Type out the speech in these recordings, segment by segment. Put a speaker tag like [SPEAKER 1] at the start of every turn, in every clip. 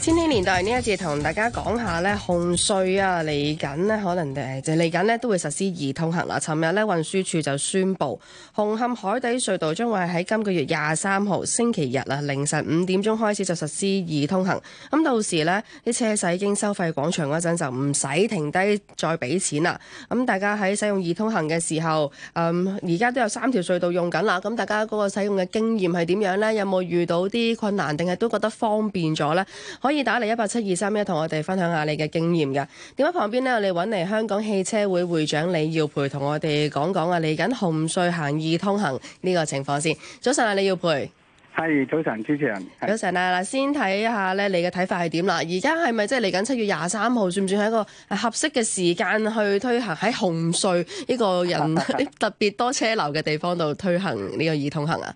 [SPEAKER 1] 千禧年代呢一節同大家講下呢，紅隧啊，嚟緊呢，可能誒，就嚟緊呢都會實施易通行啦。嗱，尋日呢，運輸署就宣佈，紅磡海底隧道將會喺今個月廿三號星期日啊，凌晨五點鐘開始就實施易通行。咁到時呢，啲車駛經收費廣場嗰陣就唔使停低再俾錢啦。咁大家喺使用易通行嘅時候，嗯，而家都有三條隧道用緊啦。咁大家嗰個使用嘅經驗係點樣呢？有冇遇到啲困難，定係都覺得方便咗呢？可以打嚟一八七二三一，同我哋分享下你嘅經驗㗎。點解旁邊呢，我哋揾嚟香港汽車會會長李耀培，同我哋講講啊，嚟緊紅隧行易通行呢個情況先。早晨啊，李耀培，係，早晨，主持人。早晨啊，嗱，先睇下呢你嘅睇法係點啦？而家係咪即係嚟緊七月廿三號，算唔算係一個合適嘅時間去推行喺紅隧呢個人 特別多車流嘅地方度推行呢個易通行啊？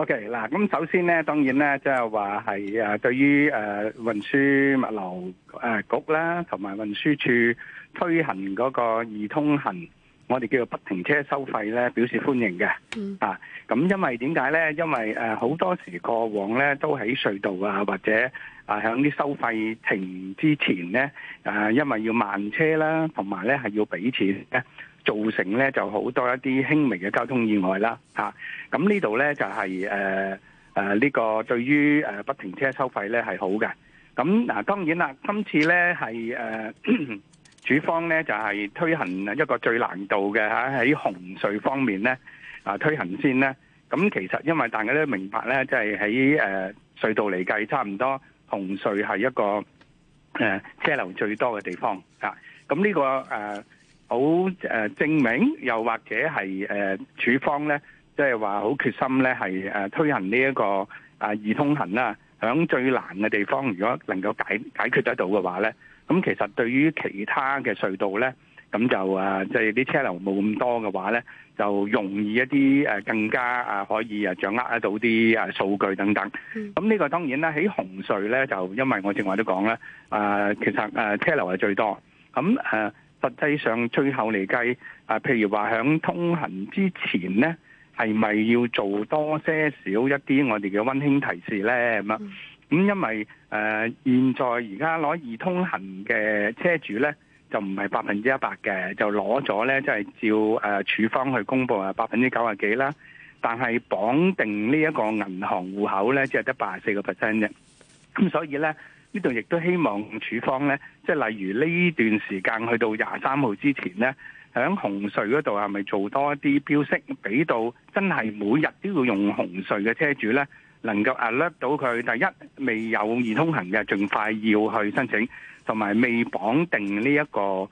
[SPEAKER 2] OK 嗱，咁首先咧，當然咧，即係話係誒對於誒、呃、運輸物流誒局啦，同埋運輸處推行嗰個易通行，我哋叫做不停車收費咧，表示歡迎嘅、嗯。啊，咁因為點解咧？因為誒好、呃、多時過往咧都喺隧道啊，或者啊喺啲收費亭之前咧，誒、啊、因為要慢車啦，同埋咧係要俾錢嘅。造成咧就好多一啲輕微嘅交通意外啦嚇，咁、啊、呢度咧就係誒誒呢個對於誒、呃、不停車收費咧係好嘅，咁嗱、啊、當然啦，今次咧係誒主方咧就係、是、推行一個最難度嘅嚇，喺紅隧方面咧啊推行先咧，咁其實因為大家都明白咧，即係喺誒隧道嚟計差唔多紅隧係一個誒、呃、車流最多嘅地方啊，咁呢、呢個誒。呃好誒證明，又或者係誒、呃、處方咧，即係話好決心咧，係誒、啊、推行呢、這、一個啊易通行啦。響最難嘅地方，如果能夠解解決得到嘅話咧，咁其實對於其他嘅隧道咧，咁就啊即係啲車流冇咁多嘅話咧，就容易一啲誒、啊、更加啊可以啊掌握得到啲啊數據等等。咁、嗯、呢個當然啦，喺紅隧咧就因為我正話都講咧啊，其實誒、啊、車流係最多咁誒。啊啊實際上最後嚟計，啊，譬如話響通行之前呢，係咪要做多些少一啲我哋嘅溫馨提示呢？咁、嗯、啊？咁、嗯、因為誒、呃、現在，而家攞易通行嘅車主呢，就唔係百分之一百嘅，就攞咗呢，即、就、係、是、照誒、呃、處方去公布啊，百分之九十幾啦。但係綁定呢一個銀行戶口呢，只係得八十四個 percent 啫。咁、嗯、所以呢。呢度亦都希望處方呢，即係例如呢段時間去到廿三號之前呢，喺紅隧嗰度係咪做多一啲標識，俾到真係每日都要用紅隧嘅車主呢，能夠 alert 到佢。第一未有易通行嘅，盡快要去申請；同埋未綁定呢、這、一個誒，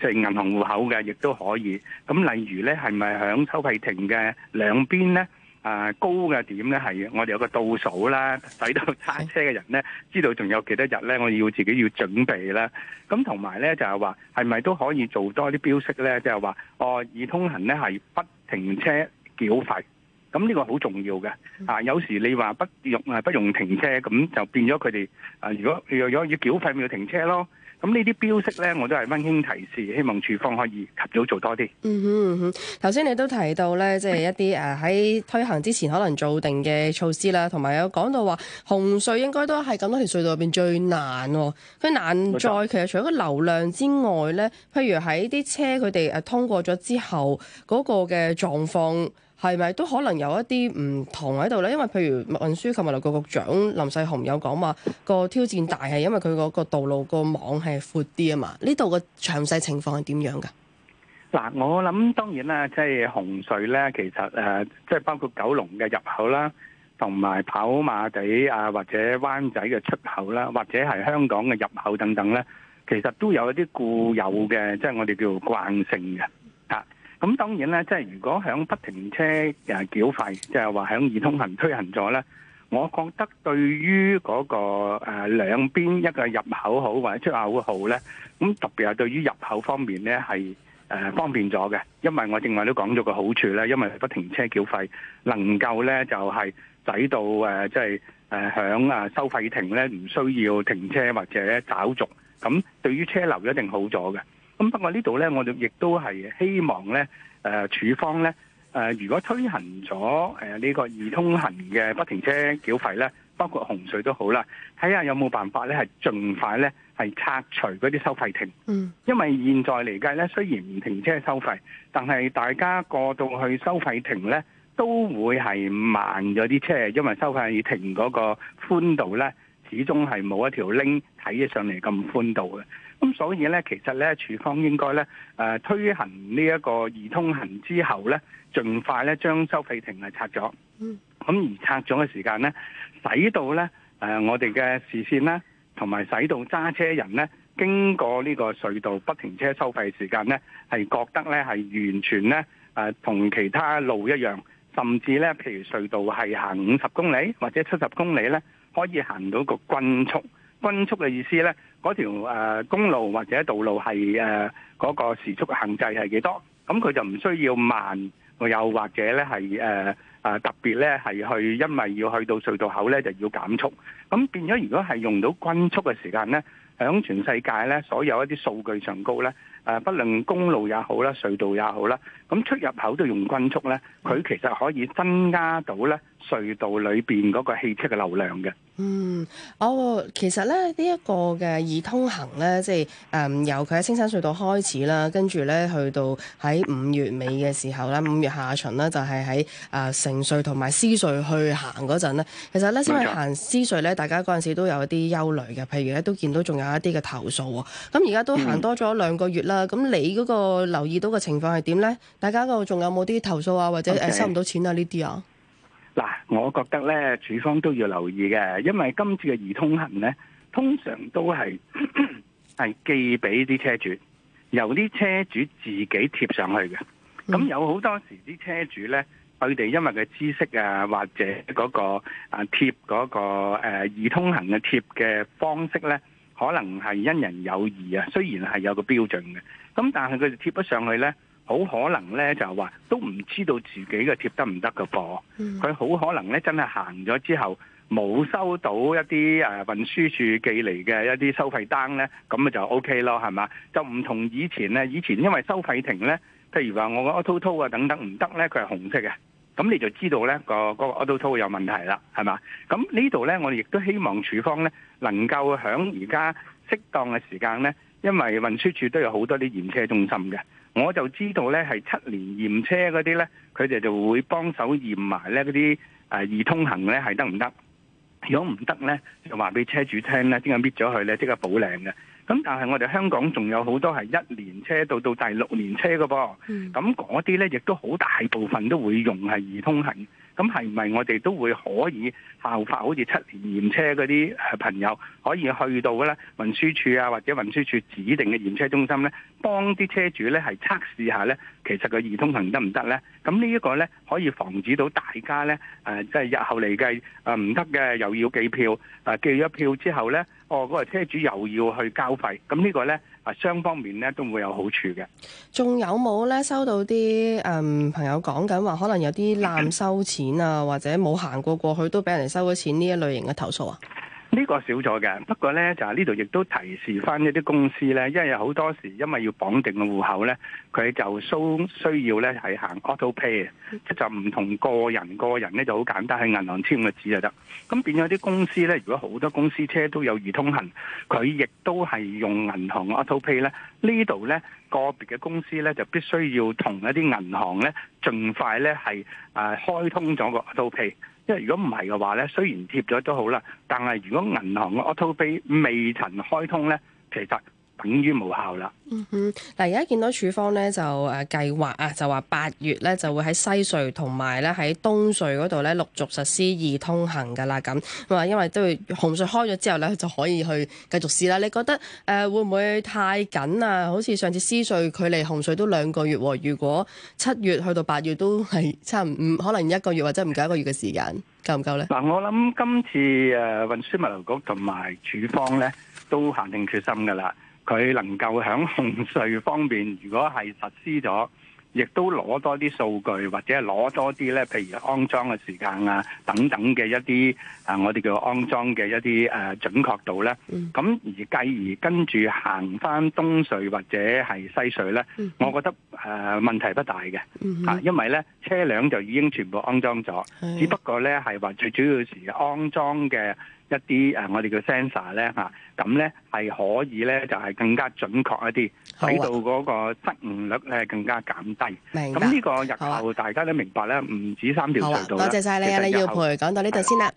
[SPEAKER 2] 即係銀行戶口嘅，亦都可以。咁例如呢，係咪喺收費亭嘅兩邊呢？啊，高嘅點咧係我哋有個倒數啦，使到揸車嘅人咧知道仲有幾多日咧，我要自己要準備啦。咁同埋咧就係話，係咪都可以做多啲標識咧？即係話，哦，易通行咧係不停車繳費，咁呢個好重要嘅。啊，有時你話不用不用停車，咁就變咗佢哋啊，如果如果要繳費，咪要，要停車咯。咁呢啲標識咧，我都係溫馨提示，希望署方可以及早做多啲。嗯哼，
[SPEAKER 1] 哼，頭先你都提到咧，即係一啲誒喺推行之前可能做定嘅措施啦，同埋有講到話紅隧應該都係咁多條隧道入面最難。佢難在其實除咗個流量之外咧，譬如喺啲車佢哋誒通過咗之後嗰個嘅狀況。係咪都可能有一啲唔同喺度咧？因為譬如運輸及物流局局長林世雄有講話個挑戰大係因為佢個個道路個網係闊啲啊嘛？呢度個詳細情況係點樣噶？
[SPEAKER 2] 嗱，我諗當然啦，即係紅隧咧，其實誒，即係包括九龍嘅入口啦，同埋跑馬地啊或者灣仔嘅出口啦，或者係香港嘅入口等等咧，其實都有一啲固有嘅，即係我哋叫慣性嘅。咁當然咧，即係如果響不停車誒繳費，即係話響易通行推行咗咧，我覺得對於嗰個誒兩邊一個入口好或者出口好咧，咁特別係對於入口方面咧係誒方便咗嘅，因為我正話都講咗個好處咧，因為不停車繳費能夠咧就係使到誒即係誒響啊收費亭咧唔需要停車或者找續。咁對於車流一定好咗嘅。咁不過呢度呢，我哋亦都係希望呢誒、呃、署方呢，誒、呃、如果推行咗呢、呃這個易通行嘅不停車繳費呢，包括紅隧都好啦，睇下有冇辦法呢係盡快呢係拆除嗰啲收費亭、嗯。因為現在嚟計呢，雖然唔停車收費，但係大家過到去收費亭呢，都會係慢咗啲車，因為收費亭嗰個寬度呢。始終係冇一條鈴睇起上嚟咁寬度嘅，咁所以呢，其實呢處方應該呢誒、呃、推行呢一個易通行之後呢，盡快呢將收費亭係拆咗，咁、嗯、而拆咗嘅時間呢，使到呢誒、呃、我哋嘅視線呢，同埋使到揸車人呢經過呢個隧道不停車收費時間呢，係覺得呢係完全呢誒同、呃、其他路一樣，甚至呢譬如隧道係行五十公里或者七十公里呢。可以行到個均速，均速嘅意思呢，嗰條誒公路或者道路係誒嗰個時速嘅限制係幾多？咁佢就唔需要慢，又或者呢係誒誒特別呢係去，因為要去到隧道口呢就要減速。咁變咗，如果係用到均速嘅時間呢。喺全世界咧，所有一啲數據上高咧，誒，不論公路也好啦，隧道也好啦，咁出入口都用均速咧，佢其實可以增加到咧隧道裏邊嗰個汽車嘅流量嘅。
[SPEAKER 1] 嗯，哦，其實咧呢一個嘅易通行咧，即係誒由佢喺青山隧道開始啦，跟住咧去到喺五月尾嘅時候咧，五月下旬咧就係喺啊城隧同埋獅隧去行嗰陣咧，其實咧先去行獅隧咧，大家嗰陣時都有一啲憂慮嘅，譬如咧都見到仲有，一啲嘅投訴，咁而家都行多咗兩個月啦。咁、嗯、你嗰個留意到嘅情況係點咧？大家個仲有冇啲投訴啊，或者誒收唔到錢啊呢啲啊？嗱、
[SPEAKER 2] okay，我覺得咧，處方都要留意嘅，因為今次嘅易通行咧，通常都係係 寄俾啲車主，由啲車主自己貼上去嘅。咁、嗯、有好多時啲車主咧，佢哋因為嘅知識啊，或者嗰個啊貼、嗰個誒易通行嘅貼嘅方式咧。可能係因人有異啊，雖然係有個標準嘅，咁但係佢貼不上去呢，好可能呢就話都唔知道自己嘅貼得唔得嘅噃，佢好可能呢真係行咗之後冇收到一啲誒、啊、運輸處寄嚟嘅一啲收費單呢，咁咪就 OK 咯，係嘛？就唔同以前呢，以前因為收費亭呢，譬如話我個 Autotoll 啊等等唔得呢，佢係紅色嘅。咁你就知道呢、呢個、嗰個 auto tow 有問題啦，係嘛？咁呢度呢，我哋亦都希望處方呢能夠喺而家適當嘅時間呢，因為運輸處都有好多啲驗車中心嘅，我就知道呢係七年驗車嗰啲呢，佢哋就會幫手驗埋呢嗰啲誒易通行呢係得唔得？如果唔得呢，就話俾車主聽啦，點解搣咗佢呢？即刻補領嘅。咁但係我哋香港仲有好多係一年車到到第六年車嘅噃，咁嗰啲呢亦都好大部分都會用係易通行，咁係唔係我哋都會可以效法好似七年驗車嗰啲朋友，可以去到呢運輸署啊或者運輸署指定嘅驗車中心呢，幫啲車主呢係測試下呢，其實個易通行得唔得呢？咁呢一個呢可以防止到大家呢，誒即係日後嚟計誒唔得嘅又要寄票，誒寄咗票之後呢。哦，嗰個車主又要去交費，咁呢個呢，啊雙方面呢都會有好處嘅。
[SPEAKER 1] 仲有冇呢？收到啲嗯朋友講緊話，可能有啲濫收錢啊，或者冇行過過去都俾人收咗錢呢一類型嘅投訴啊？
[SPEAKER 2] 呢、這個少咗嘅，不過呢，就呢度亦都提示翻一啲公司呢，因為有好多時因為要綁定個戶口呢，佢就需要呢係行 auto pay，即就唔同個人個人呢就好簡單，係銀行簽個字就得。咁變咗啲公司呢，如果好多公司車都有易通行，佢亦都係用銀行 auto pay 呢。呢度呢個別嘅公司呢，就必須要同一啲銀行呢，盡快呢係誒、啊、開通咗個 auto pay。即係如果唔係嘅話咧，雖然貼咗都好啦，但係如果銀行嘅 auto pay 未曾開通咧，其實～等於無效啦。嗯
[SPEAKER 1] 哼，嗱，而家見到署方咧，就誒計劃啊，就話八月咧就會喺西隧同埋咧喺東隧嗰度咧陸續實施易通行噶啦，咁啊，因為都會紅隧開咗之後咧就可以去繼續試啦。你覺得誒、呃、會唔會太緊啊？好似上次私隧距離紅隧都兩個月喎。如果七月去到八月都係差唔唔可能一個月或者唔夠一個月嘅時間夠唔夠咧？
[SPEAKER 2] 嗱，我諗今次誒運輸物流局同埋署方咧都下定決心噶啦。佢能夠喺紅隧方面，如果係實施咗，亦都攞多啲數據，或者攞多啲咧，譬如安裝嘅時間啊，等等嘅一啲啊，我哋叫安裝嘅一啲誒、啊、準確度咧。咁而繼而跟住行翻東隧或者係西隧咧，我覺得誒、呃、問題不大嘅嚇、啊，因為咧車輛就已經全部安裝咗，只不過咧係話最主要時安裝嘅，一啲誒、啊，我哋叫 sensor 咧吓，咁咧係可以咧，就係、是、更加準確一啲，睇、啊、到嗰個失誤率咧更加減低。明咁呢個日後、啊、大家都明白咧，唔止三條隧道。多謝晒你啊，李耀培，就
[SPEAKER 1] 是、講到呢度先啦。